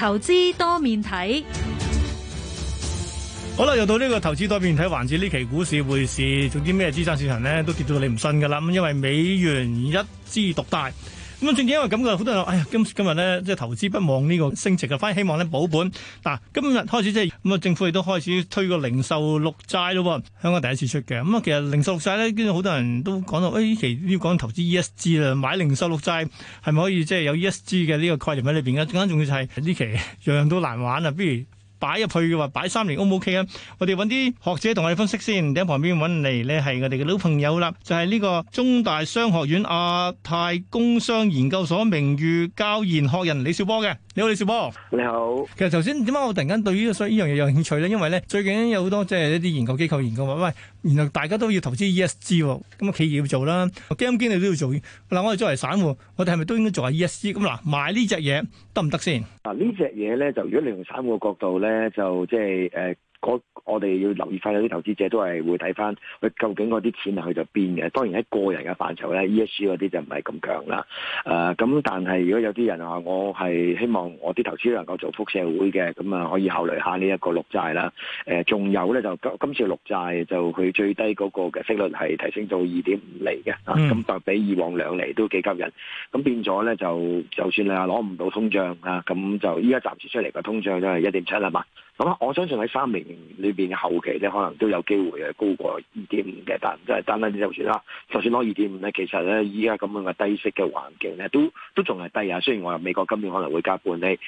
投資多面睇好啦，又到呢個投資多面睇環節。呢期股市匯市，做啲咩資產市場咧，都跌到你唔信噶啦。咁因為美元一枝獨大。咁正正因為咁嘅，好多人話，哎呀，今今日咧，即係投資不忘呢個升值啊，反而希望咧保本。嗱、啊，今日開始即係咁啊，政府亦都開始推個零售綠債咯，香港第一次出嘅。咁啊，其實零售綠債咧，跟住好多人都講到，誒、呢期要講投資 E S G 啦，買零售綠債係咪可以即係有 E S G 嘅呢個概念喺裏邊嘅？更加重要就係呢期樣樣都難玩啊，不如。擺入去嘅話，擺三年 O 唔 OK 啊？我哋揾啲學者同我哋分析先，你喺旁邊揾嚟咧係我哋嘅老朋友啦，就係、是、呢個中大商學院亞太工商研究所名譽教研學，學人李少波嘅。你好，李兆波。你好。其實頭先點解我突然間對於呢依樣嘢有興趣咧？因為咧最近有好多即係一啲研究機構研究話，喂，原來大家都要投資 E S G，咁啊企業要做啦我基金經理都要做。嗱，我哋作為散戶，我哋係咪都應該做下 E S G？咁嗱，買行不行、啊、呢隻嘢得唔得先？嗱，呢隻嘢咧，就如果你散戶嘅角度咧，就即係誒。呃我我哋要留意翻，有啲投資者都係會睇翻，佢究竟嗰啲錢係去咗邊嘅？當然喺個人嘅範疇咧，E S G 嗰啲就唔係咁強啦。誒、呃，咁但係如果有啲人話，我係希望我啲投資能夠做福社會嘅，咁啊可以考慮下呢一個綠債啦。誒、呃，仲有咧就今次綠債就佢最低嗰個嘅息率係提升到二點五厘嘅，咁就、mm. 啊、比以往兩厘都幾吸引。咁變咗咧就，就算你話攞唔到通脹啊，咁就依家暫時出嚟嘅通脹都係一點七啊嘛。咁我相信喺三年。裏邊嘅後期咧，可能都有機會係高過二點五嘅，但係真係真係單單就算啦。就算攞二點五咧，其實咧依家咁樣嘅低息嘅環境咧，都都仲係低啊。雖然我話美國今年可能會加半厘，咁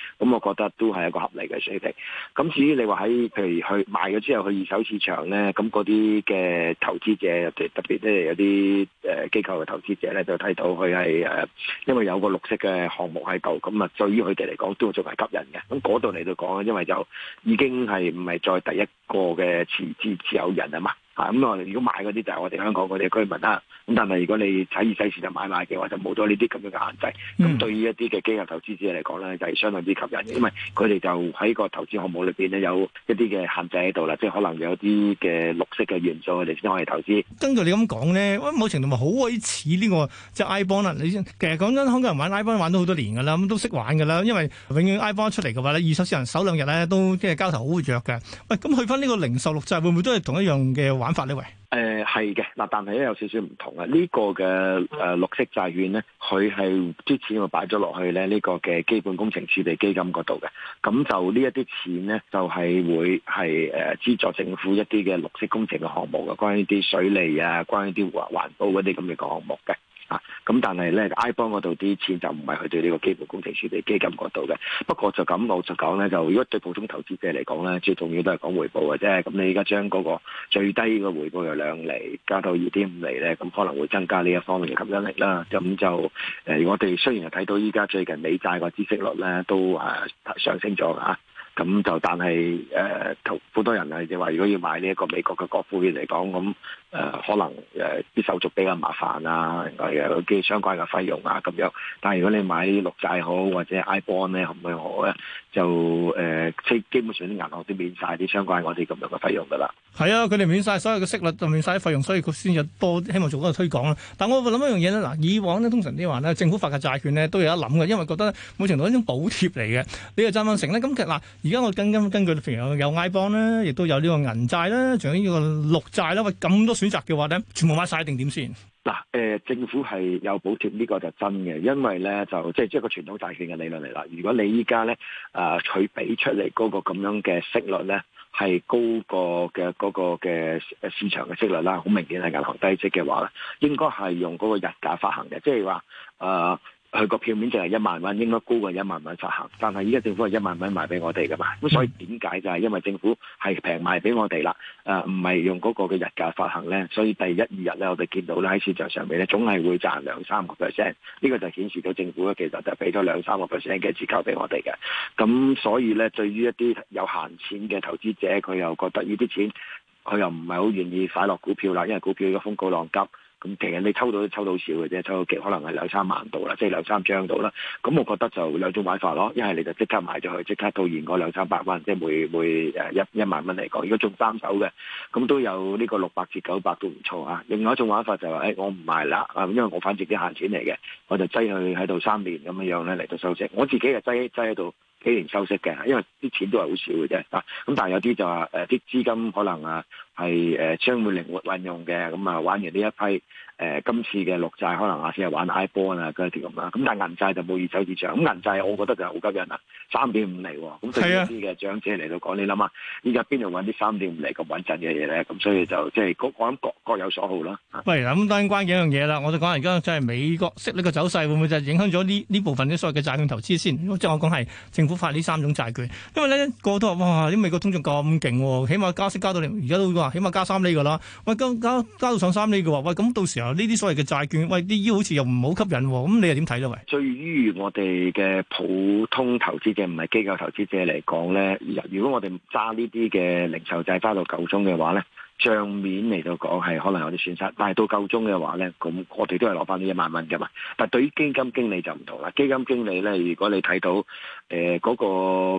我覺得都係一個合理嘅水平。咁至於你話喺譬如去賣咗之後去二手市場咧，咁嗰啲嘅投資者特別即係有啲誒、呃、機構嘅投資者咧，就睇到佢係誒，因為有個綠色嘅項目喺度，咁啊對於佢哋嚟講都仲係吸引嘅。咁嗰度嚟到講啊，因為就已經係唔係再低。一個嘅持資持有人啊嘛。咁我哋如果買嗰啲就係我哋香港嗰啲居民啦，咁但係如果你喺二世線就買賣嘅話，就冇咗呢啲咁樣嘅限制。咁、嗯、對於一啲嘅機構投資者嚟講咧，就係、是、相當之吸引，嘅，因為佢哋就喺個投資項目裏邊咧有一啲嘅限制喺度啦，即係可能有啲嘅綠色嘅元素佢哋先可以投資。根據你咁講咧，某程度咪好鬼似呢個即係 iBond 啦。你其實講真，香港人玩 iBond 玩咗好多年噶啦，咁都識玩噶啦，因為永遠 iBond 出嚟嘅話咧，二手市場首兩日咧都即係交投好活躍嘅。喂，咁去翻呢個零售綠債會唔會都係同一樣嘅？玩法呢位？誒、呃，係嘅嗱，但係咧有少少唔同啊！呢、這個嘅誒綠色債券咧，佢係啲錢我擺咗落去咧呢個嘅基本工程儲備基金嗰度嘅，咁就這些錢呢一啲錢咧就係、是、會係誒資助政府一啲嘅綠色工程嘅項目嘅，關於啲水利啊，關於啲環環保嗰啲咁嘅個項目嘅。咁、啊、但係咧，I p 幫嗰度啲錢就唔係佢對呢個基本工程設備嘅基金嗰度嘅。不過就咁老實講咧，就如果對普通投資者嚟講咧，最重要都係講回報嘅啫。咁你而家將嗰個最低嘅回報由兩厘加到二點五厘咧，咁可能會增加呢一方面嘅吸引力啦。咁就誒、呃，我哋雖然係睇到依家最近美債個孳息率咧都誒、啊、上升咗咁就但係誒，好、呃、多人係你話，如果要買呢一個美國嘅國庫券嚟講，咁誒、呃、可能誒啲、呃、手續比較麻煩啊，同埋有啲相關嘅費用啊咁樣。但係如果你買綠債好，或者 I bond 咧，可唔可咧？就誒，即、呃、基本上啲銀行都免晒啲相關嗰啲咁樣嘅費用㗎啦。係啊，佢哋免晒所有嘅息率，就免晒啲費用，所以佢先有多希望做嗰個推廣啦。但係我諗一樣嘢咧，嗱，以往咧通常啲話咧，政府發嘅債券咧都有一諗嘅，因為覺得某程度一種補貼嚟嘅。你又贊成咧，咁其實嗱。而家我根根根據譬如有 iBond 也有 iBond 咧，亦都有呢個銀債啦，仲有呢個綠債喂。咁多選擇嘅話咧，全部買晒定點先？嗱，誒、呃、政府係有補貼，呢、呢個就真嘅，因為咧就即係即係個傳統債券嘅理論嚟啦。如果你依家咧啊，佢俾出嚟嗰個咁樣嘅息率咧，係高過嘅嗰個嘅市場嘅息率啦，好明顯係銀行低息嘅話咧，應該係用嗰個溢價發行嘅，即係話啊。呃佢個票面值係一萬蚊，應該高過一萬蚊發行，但係依家政府係一萬蚊賣俾我哋嘅嘛，咁所以點解就係因為政府係平賣俾我哋啦，啊唔係用嗰個嘅日價發行咧，所以第一二日咧我哋見到咧喺市場上邊咧總係會賺兩三個 percent，呢個就顯示到政府咧其實就俾咗兩三個 percent 嘅折扣俾我哋嘅，咁所以咧對於一啲有閒錢嘅投資者，佢又覺得呢啲錢佢又唔係好願意擺落股票啦，因為股票而家風高浪急。咁其實你抽到都抽到少嘅啫，抽到極可能係兩三萬到啦，即係兩三張到啦。咁我覺得就兩種玩法咯，一係你就即刻買咗佢，即刻套現個兩三百蚊，即係每每一一萬蚊嚟講。如果中三手嘅，咁都有呢個六百至九百都唔錯啊。另外一種玩法就係、是、誒、哎、我唔賣啦，因為我反正啲閒錢嚟嘅，我就擠佢喺度三年咁樣樣咧嚟到收息。我自己就擠擠喺度幾年收息嘅，因為啲錢都係好少嘅啫。咁但係有啲就話誒啲資金可能啊。係誒將會靈活運用嘅，咁啊玩完呢一批誒、呃、今次嘅綠債，可能下次係玩 I bond 啊嗰啲咁啦。咁但係銀債就冇二手市場，咁銀債我覺得就好吸引啦，三點五厘喎、哦。咁對啲嘅長者嚟到講，啊、你諗下，依家邊度揾啲三點五厘咁穩陣嘅嘢咧？咁所以就即係我諗各各有所好啦。喂，咁當然關幾樣嘢啦。我就講而家即係美國息呢個走勢會唔會就影響咗呢呢部分啲所謂嘅債券投資先？即係我講係政府發呢三種債券，因為咧個個都話哇，啲美國通脹咁勁，起碼加息加到你而家都。起碼加三厘㗎啦，喂，加加加到上三厘嘅話，喂，咁到時候呢啲所謂嘅債券，喂、哎，啲腰好似又唔好吸引，咁你又點睇到？喂，對於我哋嘅普通投資者唔係機構投資者嚟講咧，如果我哋揸呢啲嘅零售債揸到夠鐘嘅話咧？賬面嚟到講係可能有啲損失，但係到夠鐘嘅話咧，咁我哋都係攞翻呢一萬蚊嘅嘛。但係對於基金、金經理就唔同啦，基金經理咧，如果你睇到，誒嗰、呃嗰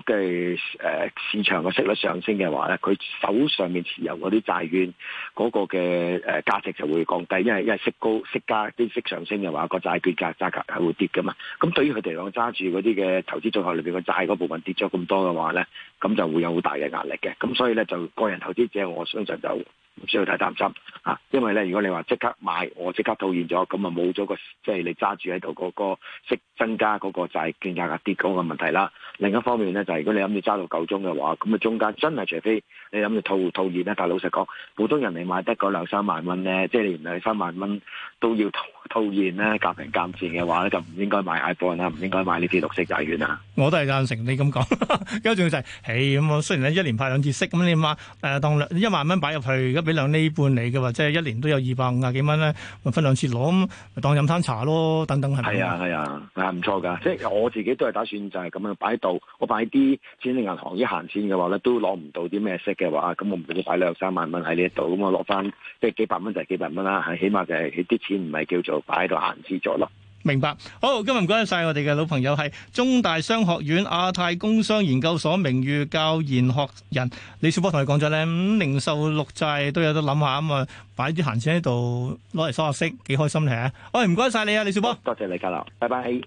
個嘅誒、呃、市場嘅息率上升嘅話咧，佢手上面持有嗰啲債券嗰、嗰個嘅誒、呃、價值就會降低，因為因為息高息加啲息上升嘅話，個債券價價格係會跌㗎嘛。咁對於佢哋嚟講，揸住嗰啲嘅投資組合裏邊個債嗰部分跌咗咁多嘅話咧，咁就會有好大嘅壓力嘅。咁所以咧，就個人投資者，我相信就。唔需要太擔心啊，因為咧，如果你話即刻買，我即刻套現咗，咁啊冇咗個即係、就是、你揸住喺度嗰個息增加嗰個債價格跌高嘅問題啦。另一方面咧，就係、是、如果你諗住揸到夠鐘嘅話，咁啊中間真係除非你諗住套套現咧，但係老實講，普通人嚟買得嗰兩三萬蚊咧，即、就、係、是、你唔係三萬蚊，都要套現咧，夾平夾賤嘅話咧，就唔應該買 iBond 啦，唔、bon，應該買呢啲綠色債券啊！我都係贊成你咁講，而家仲要就係、是，誒咁、嗯，雖然一年派兩次息，咁你嘛誒、呃、當一萬蚊擺入去，而家俾兩厘半你嘅話，即係一年都有二百五十幾蚊咧，分兩次攞，咁當飲餐茶咯，等等係咪？係啊係啊，唔、啊、錯㗎，即係我自己都係打算就係咁樣擺喺度，我擺啲錢喺銀行，一閒錢嘅話咧都攞唔到啲咩息嘅話，咁我唔好擺兩三萬蚊喺呢度，咁我攞翻即係幾百蚊就係幾百蚊啦，係起碼就係啲錢。唔係叫做擺喺度閒置咗咯。明白。好，今日唔該曬我哋嘅老朋友係中大商學院亞太工商研究所名譽教研學人李兆波，同你講咗咧，咁零售綠債都有得諗下，咁啊擺啲閒錢喺度攞嚟收下息，幾開心咧嚇。好，唔該曬你啊，李兆波。多謝你，家樂，拜拜。